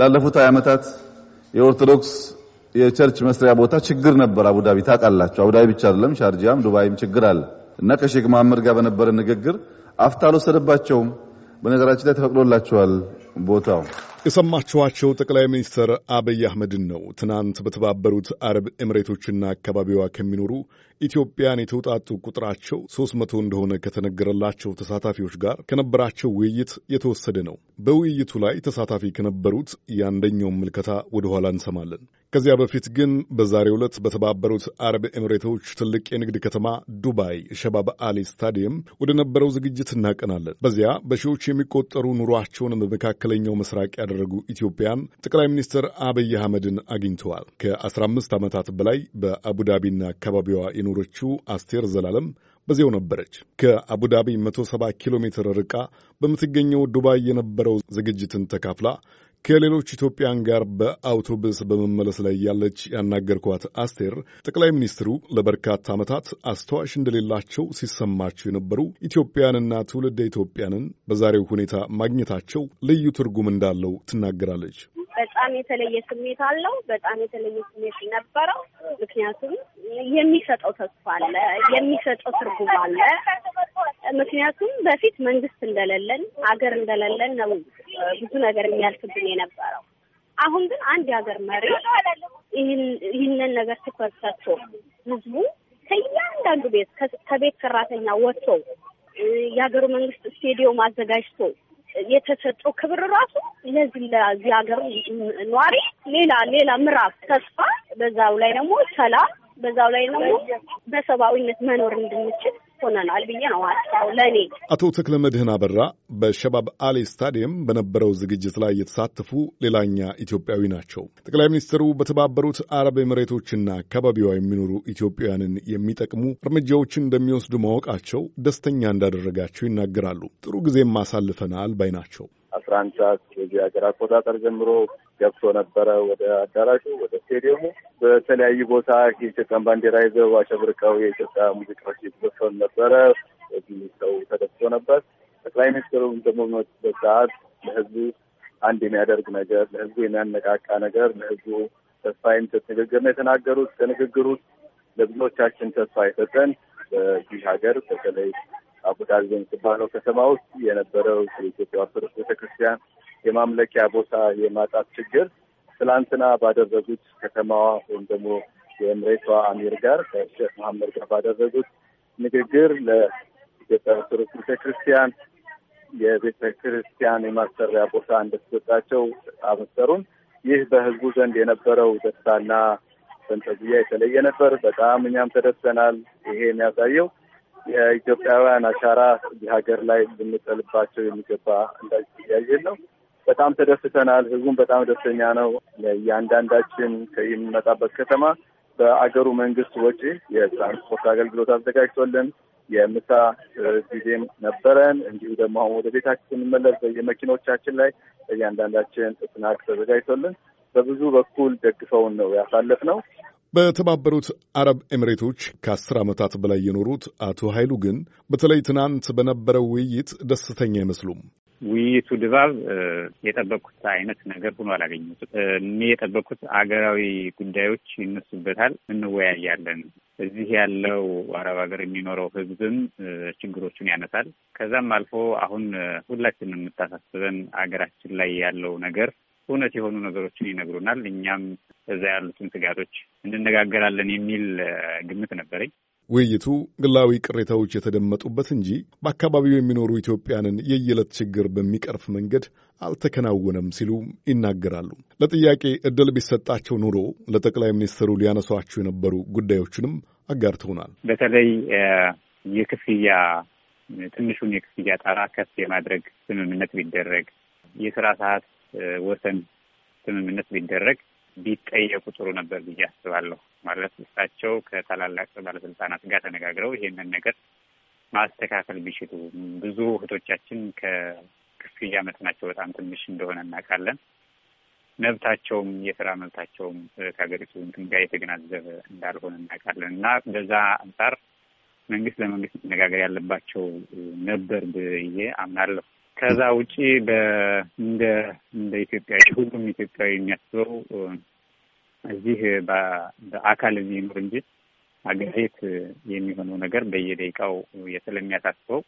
ላለፉት ሀያ ዓመታት የኦርቶዶክስ የቸርች መስሪያ ቦታ ችግር ነበር። አቡዳቢ ታውቃላችሁ። አቡዳቢ ብቻ አይደለም ሻርጃም፣ ዱባይም ችግር አለ እና ከሼክ መሐመድ ጋር በነበረ ንግግር አፍታ አልወሰደባቸውም። በነገራችን ላይ ተፈቅዶላቸዋል ቦታው። የሰማችኋቸው ጠቅላይ ሚኒስትር አብይ አህመድን ነው። ትናንት በተባበሩት አረብ ኤምሬቶችና አካባቢዋ ከሚኖሩ ኢትዮጵያን የተውጣጡ ቁጥራቸው ሦስት መቶ እንደሆነ ከተነገረላቸው ተሳታፊዎች ጋር ከነበራቸው ውይይት የተወሰደ ነው። በውይይቱ ላይ ተሳታፊ ከነበሩት የአንደኛውን ምልከታ ወደ ኋላ እንሰማለን። ከዚያ በፊት ግን በዛሬው ዕለት በተባበሩት አረብ ኤምሬቶች ትልቅ የንግድ ከተማ ዱባይ ሸባብ አሊ ስታዲየም ወደ ነበረው ዝግጅት እናቀናለን። በዚያ በሺዎች የሚቆጠሩ ኑሯቸውን በመካከለኛው ምስራቅ ያደረጉ ኢትዮጵያን ጠቅላይ ሚኒስትር አብይ አህመድን አግኝተዋል። ከ15 ዓመታት በላይ በአቡዳቢና አካባቢዋ የኖ የኖረችው አስቴር ዘላለም በዚያው ነበረች። ከአቡዳቢ 170 ኪሎ ሜትር ርቃ በምትገኘው ዱባይ የነበረው ዝግጅትን ተካፍላ ከሌሎች ኢትዮጵያን ጋር በአውቶቡስ በመመለስ ላይ ያለች ያናገርኳት አስቴር ጠቅላይ ሚኒስትሩ ለበርካታ ዓመታት አስተዋሽ እንደሌላቸው ሲሰማቸው የነበሩ ኢትዮጵያንና ትውልደ ኢትዮጵያንን በዛሬው ሁኔታ ማግኘታቸው ልዩ ትርጉም እንዳለው ትናገራለች። በጣም የተለየ ስሜት አለው። በጣም የተለየ ስሜት ነበረው። ምክንያቱም የሚሰጠው ተስፋ አለ፣ የሚሰጠው ትርጉም አለ። ምክንያቱም በፊት መንግስት እንደሌለን አገር እንደሌለን ነው ብዙ ነገር የሚያልፍብን የነበረው። አሁን ግን አንድ የሀገር መሪ ይህንን ነገር ትኩረት ሰጥቶ ህዝቡ ከእያንዳንዱ ቤት ከቤት ሰራተኛ ወጥቶ የሀገሩ መንግስት ስቴዲዮም አዘጋጅቶ የተሰጠው ክብር ራሱ ለዚህ ለዚህ ሀገሩ ነዋሪ ሌላ ሌላ ምዕራፍ ተስፋ፣ በዛው ላይ ደግሞ ሰላም በዛው ላይ ደግሞ በሰብአዊነት መኖር እንድንችል ሆነናል ብዬ ነው አስበው ለእኔ። አቶ ተክለ መድህን አበራ በሸባብ አሊ ስታዲየም በነበረው ዝግጅት ላይ የተሳተፉ ሌላኛ ኢትዮጵያዊ ናቸው። ጠቅላይ ሚኒስትሩ በተባበሩት አረብ ኤምሬቶችና አካባቢዋ የሚኖሩ ኢትዮጵያውያንን የሚጠቅሙ እርምጃዎችን እንደሚወስዱ ማወቃቸው ደስተኛ እንዳደረጋቸው ይናገራሉ። ጥሩ ጊዜም አሳልፈናል ባይ ናቸው። አስራ አንድ ሰዓት የዚህ ሀገር አቆጣጠር ጀምሮ ገብቶ ነበረ ወደ አዳራሹ ወደ ስቴዲየሙ በተለያዩ ቦታ የኢትዮጵያን ባንዲራ ይዘው አሸብርቀው የኢትዮጵያ ሙዚቃዎች እየተዘፈኑ ነበረ። በዚህ ሰው ተደስቶ ነበር። ጠቅላይ ሚኒስትሩ ደግሞ በመጡበት ሰዓት ለህዝቡ አንድ የሚያደርግ ነገር፣ ለህዝቡ የሚያነቃቃ ነገር፣ ለህዝቡ ተስፋ የሚሰጥ ንግግር ነው የተናገሩት። ከንግግሩ ለብዙዎቻችን ተስፋ የሰጠን በዚህ ሀገር በተለይ አቡዳቢ በምትባለው ከተማ ውስጥ የነበረው የኢትዮጵያ ኦርቶዶክስ ቤተክርስቲያን የማምለኪያ ቦታ የማጣት ችግር ትላንትና ባደረጉት ከተማዋ ወይም ደግሞ የእምሬቷ አሚር ጋር ከሼክ መሐመድ ጋር ባደረጉት ንግግር ለኢትዮጵያ ኦርቶዶክስ ቤተክርስቲያን የቤተ ክርስቲያን የማሰሪያ ቦታ እንደተሰጣቸው አበሰሩን። ይህ በህዝቡ ዘንድ የነበረው ደስታና ፈንጠዝያ የተለየ ነበር። በጣም እኛም ተደስተናል። ይሄ የሚያሳየው የኢትዮጵያውያን አሻራ እዚህ ሀገር ላይ ልንጠልባቸው የሚገባ እንዳያየን ነው። በጣም ተደስተናል። ህዝቡም በጣም ደስተኛ ነው። እያንዳንዳችን የሚመጣበት ከተማ በአገሩ መንግስት ወጪ የትራንስፖርት አገልግሎት አዘጋጅቶልን የምሳ ጊዜም ነበረን። እንዲሁ ደግሞ አሁን ወደ ቤታችን ስንመለስ በየመኪኖቻችን ላይ እያንዳንዳችን ስናክ ተዘጋጅቶልን በብዙ በኩል ደግፈውን ነው ያሳለፍነው። በተባበሩት አረብ ኤሚሬቶች ከአስር ዓመታት በላይ የኖሩት አቶ ኃይሉ ግን በተለይ ትናንት በነበረው ውይይት ደስተኛ አይመስሉም። ውይይቱ ድባብ የጠበቅኩት አይነት ነገር ሆኖ አላገኘሁትም። እኔ የጠበቅኩት አገራዊ ጉዳዮች ይነሱበታል፣ እንወያያለን። እዚህ ያለው አረብ ሀገር የሚኖረው ሕዝብም ችግሮቹን ያነሳል። ከዛም አልፎ አሁን ሁላችንም የምታሳስበን አገራችን ላይ ያለው ነገር እውነት የሆኑ ነገሮችን ይነግሩናል። እኛም እዛ ያሉትን ስጋቶች እንነጋገራለን የሚል ግምት ነበረኝ። ውይይቱ ግላዊ ቅሬታዎች የተደመጡበት እንጂ በአካባቢው የሚኖሩ ኢትዮጵያንን የየዕለት ችግር በሚቀርፍ መንገድ አልተከናወነም ሲሉ ይናገራሉ። ለጥያቄ ዕድል ቢሰጣቸው ኑሮ ለጠቅላይ ሚኒስትሩ ሊያነሷቸው የነበሩ ጉዳዮችንም አጋርተውናል። በተለይ የክፍያ ትንሹን የክፍያ ጣራ ከፍ የማድረግ ስምምነት ቢደረግ፣ የስራ ሰዓት ወሰን ስምምነት ቢደረግ ቢጠየቁ ጥሩ ነበር ብዬ አስባለሁ። ማለት እሳቸው ከታላላቅ ባለስልጣናት ጋር ተነጋግረው ይሄንን ነገር ማስተካከል ቢችሉ ብዙ እህቶቻችን ከክፍያ መጠናቸው በጣም ትንሽ እንደሆነ እናውቃለን። መብታቸውም የስራ መብታቸውም ከሀገሪቱ እንትን ጋር የተገናዘበ እንዳልሆነ እናውቃለን እና በዛ አንጻር መንግስት ለመንግስት መነጋገር ያለባቸው ነበር ብዬ አምናለሁ። ከዛ ውጪ እንደ እንደ ኢትዮጵያ ሁሉም ኢትዮጵያዊ የሚያስበው እዚህ በአካል እዚህ ይኖር እንጂ ሀገር ቤት የሚሆነው ነገር በየደቂቃው ስለሚያሳስበው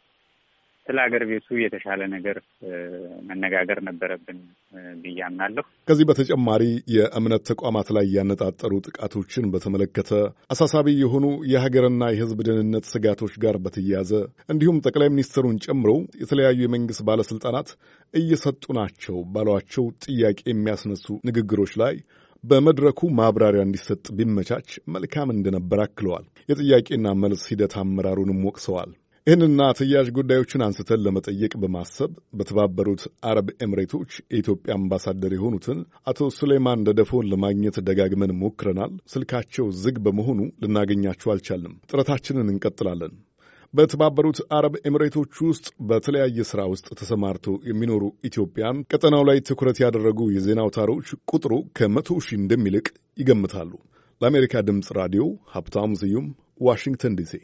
ስለ ሀገር ቤቱ የተሻለ ነገር መነጋገር ነበረብን ብዬ አምናለሁ። ከዚህ በተጨማሪ የእምነት ተቋማት ላይ ያነጣጠሩ ጥቃቶችን በተመለከተ አሳሳቢ የሆኑ የሀገርና የሕዝብ ደህንነት ስጋቶች ጋር በተያያዘ እንዲሁም ጠቅላይ ሚኒስትሩን ጨምሮ የተለያዩ የመንግስት ባለስልጣናት እየሰጡ ናቸው ባሏቸው ጥያቄ የሚያስነሱ ንግግሮች ላይ በመድረኩ ማብራሪያ እንዲሰጥ ቢመቻች መልካም እንደነበር አክለዋል። የጥያቄና መልስ ሂደት አመራሩንም ወቅሰዋል። ይህንና ተያያዥ ጉዳዮችን አንስተን ለመጠየቅ በማሰብ በተባበሩት አረብ ኤምሬቶች የኢትዮጵያ አምባሳደር የሆኑትን አቶ ሱሌማን ደደፎን ለማግኘት ደጋግመን ሞክረናል። ስልካቸው ዝግ በመሆኑ ልናገኛቸው አልቻልንም። ጥረታችንን እንቀጥላለን። በተባበሩት አረብ ኤሚሬቶች ውስጥ በተለያየ ሥራ ውስጥ ተሰማርቶ የሚኖሩ ኢትዮጵያን ቀጠናው ላይ ትኩረት ያደረጉ የዜና አውታሮች ቁጥሩ ከመቶ ሺህ እንደሚልቅ ይገምታሉ። ለአሜሪካ ድምፅ ራዲዮ ሀብታሙ ስዩም ዋሽንግተን ዲሲ